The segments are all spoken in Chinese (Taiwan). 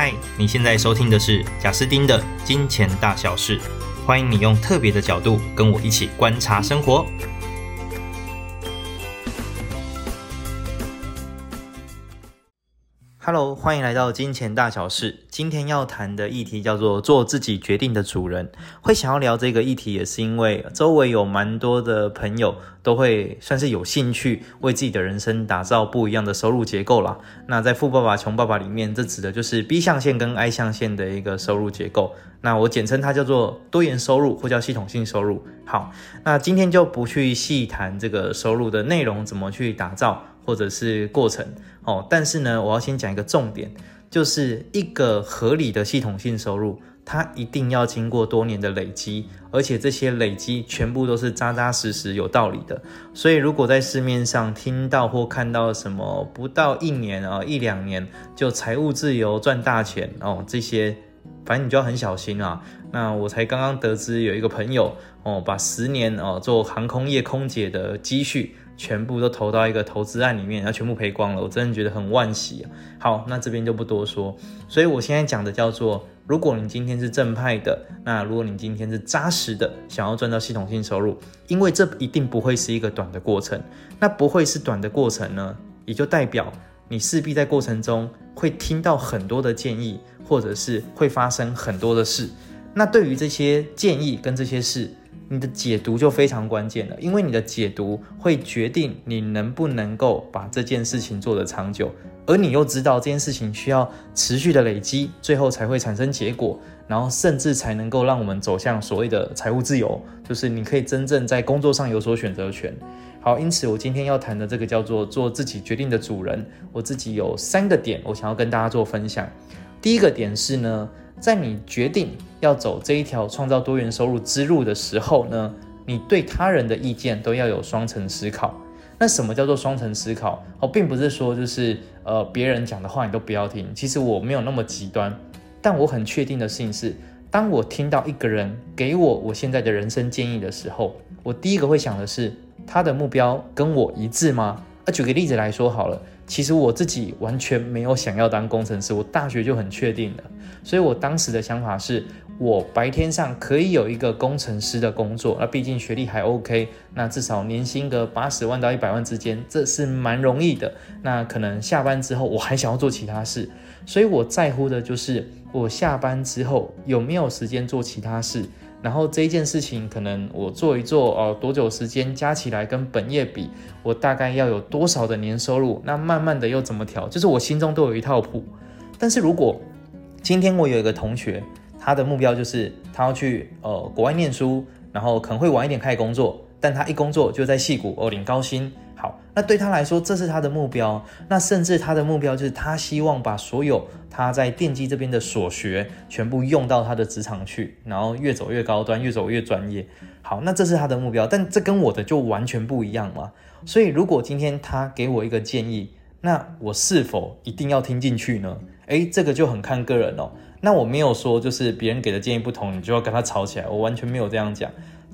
Hi, 你現在收聽的是賈斯汀的《金錢大小事》，歡迎你用特別的角度跟我一起觀察生活。哈嘍，歡迎來到金錢大小事。今天要談的議題叫做“做自己決定的主人”。會想要聊這個議題，也是因為周圍有蠻多的朋友都會算是有興趣為自己的人生打造不一樣的收入結構啦。那在《富爸爸窮爸爸》裡面，這指的就是 B 象限跟 I 象限的一個收入結構。那我簡稱它叫做多元收入，或叫系統性收入。好，那今天就不去細談這個收入的內容怎麼去打造。或者是過程哦，但是呢，我要先講一個重點，就是一個合理的系統性收入，它一定要經過多年的累積，而且這些累積全部都是扎扎實實、有道理的。所以，如果在市面上聽到或看到什麼不到一年啊、哦、一兩年就財務自由、賺大錢哦，這些，反正你就要很小心啊。那我才剛剛得知，有一個朋友哦，把十年哦做航空業空姐的積蓄。全部都投到一個投資案裡面，然後全部賠光了，我真的覺得很惋惜啊。好，那這邊就不多說。所以我現在講的叫做，如果你今天是正派的，那如果你今天是紮實的，想要賺到系統性收入，因為這一定不會是一個短的過程。那不會是短的過程呢，也就代表你勢必在過程中會聽到很多的建議，或者是會發生很多的事。那對於這些建議跟這些事，你的解讀就非常關鍵了，因為你的解讀會決定你能不能夠把這件事情做得長久，而你又知道這件事情需要持續的累積，最後才會產生結果，然後甚至才能夠讓我們走向所謂的財務自由，就是你可以真正在工作上有所選擇權。好，因此我今天要談的這個叫做做自己決定的主人。我自己有三個點，我想要跟大家做分享。第一個點是呢，在你決定要走這一條創造多元收入之路的時候呢，你對他人的意見都要有雙層思考。那什麼叫做雙層思考？哦，並不是說就是呃別人講的話你都不要聽。其實我沒有那麼極端，但我很確定的事情是，當我聽到一個人給我我現在的人生建議的時候，我第一個會想的是他的目標跟我一致嗎？啊，舉個例子來說好了。其實我自己完全沒有想要當工程師，我大學就很確定了，所以我當時的想法是，我白天上可以有一個工程師的工作，那畢竟學歷還 OK，那至少年薪個八十萬到一百萬之間，這是蠻容易的。那可能下班之後我還想要做其他事，所以我在乎的就是我下班之後有沒有時間做其他事。然後這一件事情，可能我做一做哦、呃，多久時間加起來跟本業比，我大概要有多少的年收入？那慢慢的又怎麼調？就是我心中都有一套譜。但是如果今天我有一個同學，他的目標就是他要去呃國外念書，然後可能會晚一點開始工作，但他一工作就在矽谷哦領高薪。好，那對他來說，這是他的目標哦。那甚至他的目標就是，他希望把所有他在電機這邊的所學，全部用到他的職場去，然後越走越高端，越走越專業。好，那這是他的目標，但這跟我的就完全不一樣嘛。所以，如果今天他給我一個建議，那我是否一定要聽進去呢？誒，這個就很看個人哦。那我沒有說，就是別人給的建議不同，你就要跟他吵起來。我完全沒有這樣講。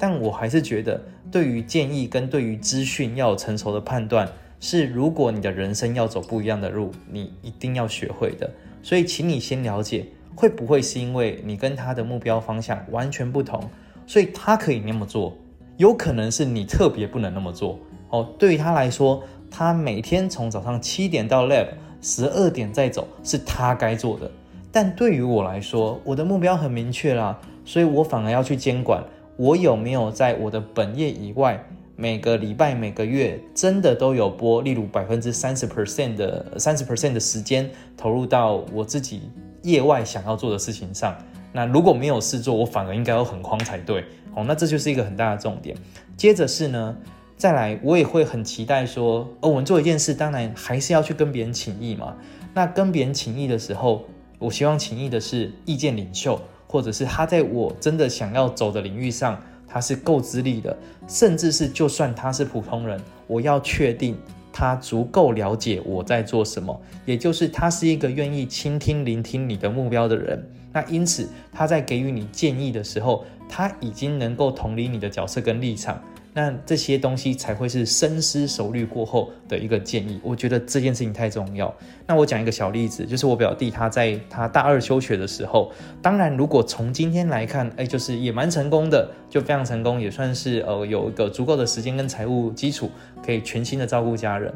但我還是覺得，對於建議跟對於資訊要有成熟的判斷，是如果你的人生要走不一樣的路，你一定要學會的。所以，請你先了解，會不會是因為你跟他的目標方向完全不同，所以他可以那麼做，有可能是你特別不能那麼做哦。對於他來說，他每天從早上七點到 lab，十二點再走，是他該做的。但對於我來說，我的目標很明確啦，所以我反而要去監管。我有沒有在我的本業以外，每個禮拜、每個月真的都有撥，例如百分之三十 percent 的三十 percent 的時間，投入到我自己業外想要做的事情上。那如果沒有事做，我反而應該要很慌才對。好、哦，那這就是一個很大的重點。接着是呢，再來，我也會很期待說，呃，我們做一件事，當然還是要去跟別人請益嘛。那跟別人請益的時候，我希望請益的是意見領袖。或者是他在我真的想要走的領域上，他是夠資歷的，甚至是就算他是普通人，我要確定他足夠了解我在做什麼，也就是他是一個願意傾聽、聆聽你的目標的人。那因此他在給予你建議的時候，他已經能夠同理你的角色跟立場。那這些東西才會是深思熟慮過後的一個建議。我覺得這件事情太重要。那我講一個小例子，就是我表弟他在他大二休學的時候，當然如果從今天來看，哎、欸，就是也蠻成功的，就非常成功，也算是呃有一個足夠的時間跟財務基礎，可以全心的照顧家人。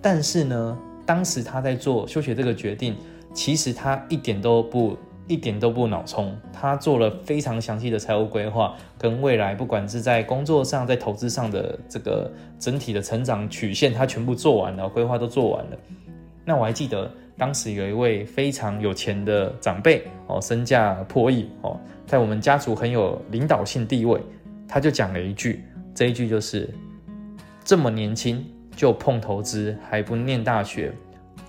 但是呢，當時他在做休學這個決定，其實他一點都不。一點都不腦衝，他做了非常詳細的財務規劃，跟未來不管是在工作上、在投資上的這個整體的成長曲線，他全部做完了，規劃都做完了。那我還記得當時有一位非常有錢的長輩哦，身價破億哦，在我們家族很有領導性地位，他就講了一句，這一句就是：這麼年輕就碰投資還不念大學，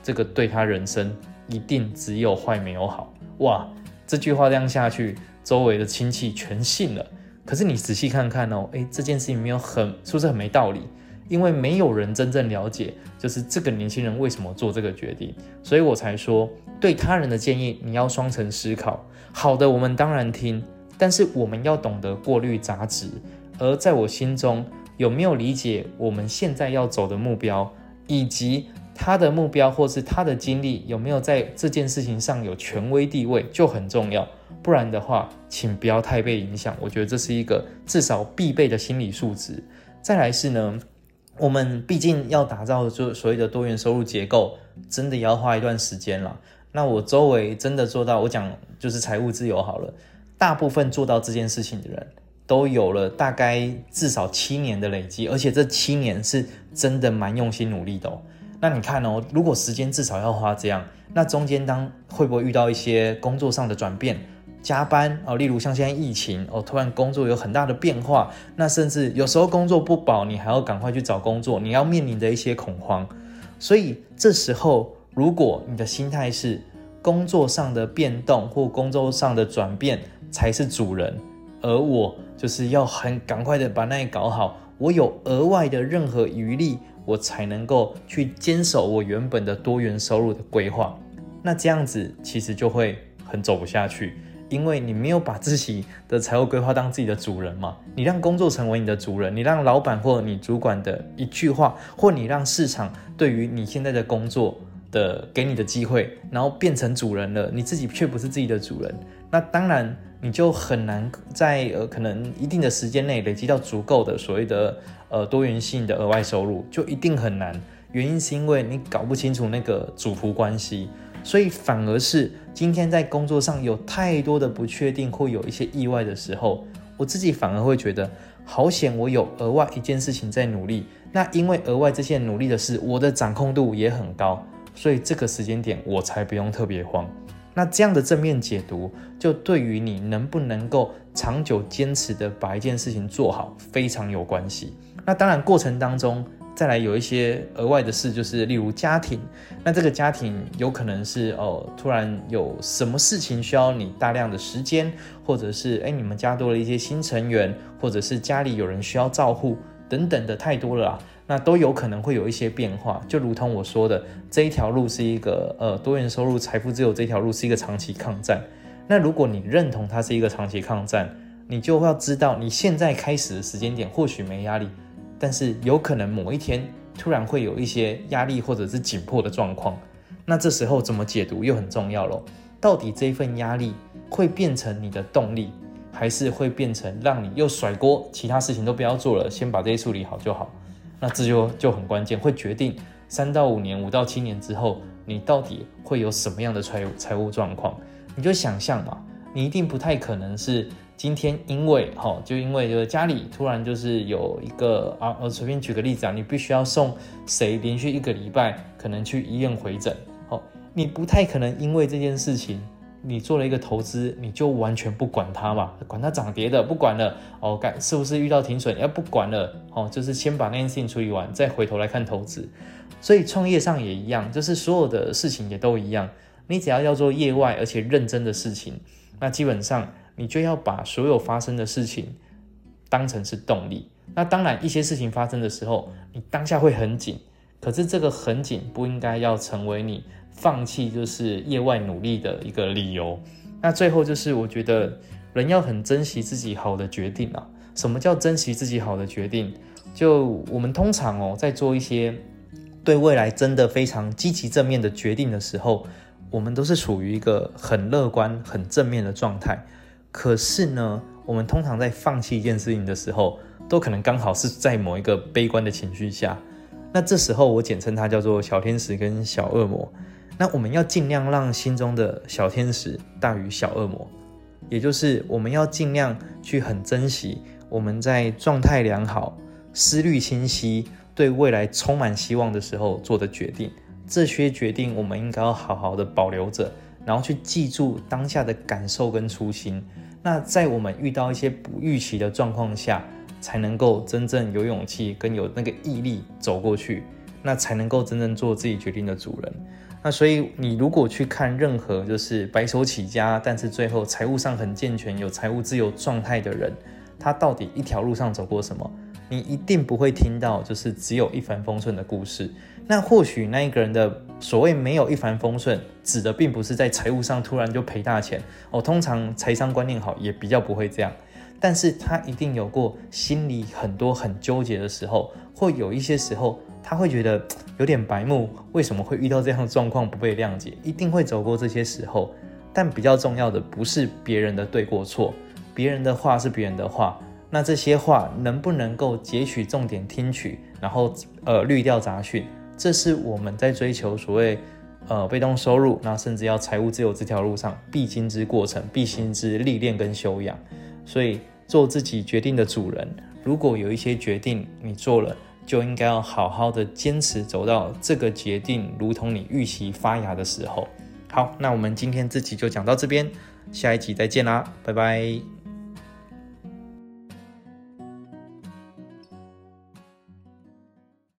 這個對他人生一定只有壞沒有好。哇，這句話這樣下去，周圍的親戚全信了。可是你仔細看看哦，誒，這件事情沒有很，是不是很沒道理？因為沒有人真正了解，就是這個年輕人為什麼做這個決定。所以我才說，對他人的建議，你要雙層思考。好的，我們當然聽，但是我們要懂得過濾雜質。而在我心中，有沒有理解我們現在要走的目標，以及……他的目標或是他的經歷有沒有在這件事情上有權威地位就很重要，不然的話，請不要太被影響。我覺得這是一個至少必備的心理素質。再來是呢，我們畢竟要打造就所謂的多元收入結構，真的要花一段時間了。那我周圍真的做到我講就是財務自由好了，大部分做到這件事情的人都有了大概至少七年的累積，而且這七年是真的蠻用心努力的哦那你看哦，如果時間至少要花這樣，那中間當會不會遇到一些工作上的轉變、加班哦？例如像現在疫情哦，突然工作有很大的變化，那甚至有時候工作不保，你還要趕快去找工作，你要面臨着一些恐慌。所以這時候，如果你的心態是工作上的變動或工作上的轉變才是主人，而我就是要很趕快的把那裡搞好，我有額外的任何餘力。我才能夠去堅守我原本的多元收入的規劃，那這樣子其實就會很走不下去，因為你沒有把自己的財務規劃當自己的主人嘛。你讓工作成為你的主人，你讓老闆或你主管的一句話，或你讓市場對於你現在的工作的給你的機會，然後變成主人了，你自己卻不是自己的主人，那當然，你就很難在呃可能一定的時間內累積到足夠的所謂的呃多元性的額外收入，就一定很難。原因是因為你搞不清楚那個主僕關係，所以反而是今天在工作上有太多的不確定，會有一些意外的時候，我自己反而會覺得好險，我有額外一件事情在努力。那因為額外這些努力的事，我的掌控度也很高，所以這個時間點我才不用特別慌。那這樣的正面解讀，就對於你能不能夠長久堅持的把一件事情做好，非常有關係。那當然，過程當中再來有一些額外的事，就是例如家庭，那這個家庭有可能是哦、呃，突然有什麼事情需要你大量的時間，或者是誒、欸，你們家多了一些新成員，或者是家裡有人需要照顧，等等的太多了。那都有可能會有一些變化，就如同我說的，這一條路是一個呃多元收入、財富自由這條路是一個長期抗戰。那如果你認同它是一個長期抗戰，你就要知道你現在開始的時間點或許沒壓力，但是有可能某一天突然會有一些壓力或者是緊迫的狀況。那這時候怎麼解讀又很重要咯，到底這一份壓力會變成你的動力，還是會變成讓你又甩鍋，其他事情都不要做了，先把這些處理好就好。那這就就很關鍵，會決定三到五年、五到七年之後，你到底會有什麼樣的財財務狀況？你就想象嘛你一定不太可能是今天因為哈、哦，就因為就是家裡突然就是有一個啊，我隨便舉個例子啊，你必須要送誰連續一個禮拜可能去醫院回診，哦，你不太可能因為這件事情。你做了一個投資，你就完全不管它嘛，管它漲跌的，不管了。哦，該是不是遇到停損，要不管了。哦，就是先把那件事情處理完，再回頭來看投資。所以創業上也一樣，就是所有的事情也都一樣。你只要要做業外而且認真的事情，那基本上你就要把所有發生的事情當成是動力。那當然，一些事情發生的時候，你當下會很緊，可是這個很緊不應該要成為你放棄就是業外努力的一個理由。那最後就是，我覺得人要很珍惜自己好的決定啊。什麼叫珍惜自己好的決定？就我們通常哦，在做一些對未來真的非常積極正面的決定的時候，我們都是處於一個很樂觀、很正面的狀態。可是呢，我們通常在放棄一件事情的時候，都可能剛好是在某一個悲觀的情緒下。那這時候，我簡稱它叫做小天使跟小惡魔。那我們要盡量讓心中的小天使大於小惡魔，也就是我們要盡量去很珍惜我們在狀態良好、思慮清晰、對未來充滿希望的時候做的決定。這些決定我們應該要好好的保留着，然後去記住當下的感受跟初心。那在我們遇到一些不預期的狀況下，才能夠真正有勇氣跟有那個毅力走過去，那才能夠真正做自己決定的主人。那所以，你如果去看任何就是白手起家，但是最後財務上很健全、有財務自由狀態的人，他到底一條路上走過什麼？你一定不會聽到就是只有一帆風順的故事。那或許那一個人的所謂沒有一帆風順，指的並不是在財務上突然就賠大錢哦。通常財商觀念好也比較不會這樣，但是他一定有過心裡很多很糾結的時候，或有一些時候。他會覺得有點白目，為什麼會遇到這樣的狀況不被諒解？一定會走過這些時候，但比較重要的不是別人的對過錯，別人的話是別人的話，那這些話能不能夠截取重點聽取，然後呃濾掉雜訊，這是我們在追求所謂呃被動收入，那甚至要財務自由這條路上必經之過程，必經之歷練跟修養。所以做自己決定的主人，如果有一些決定你做了，就應該要好好的堅持走到這個決定，如同你預期發芽的時候。好，那我們今天這集就講到這邊，下一集再見啦，拜拜。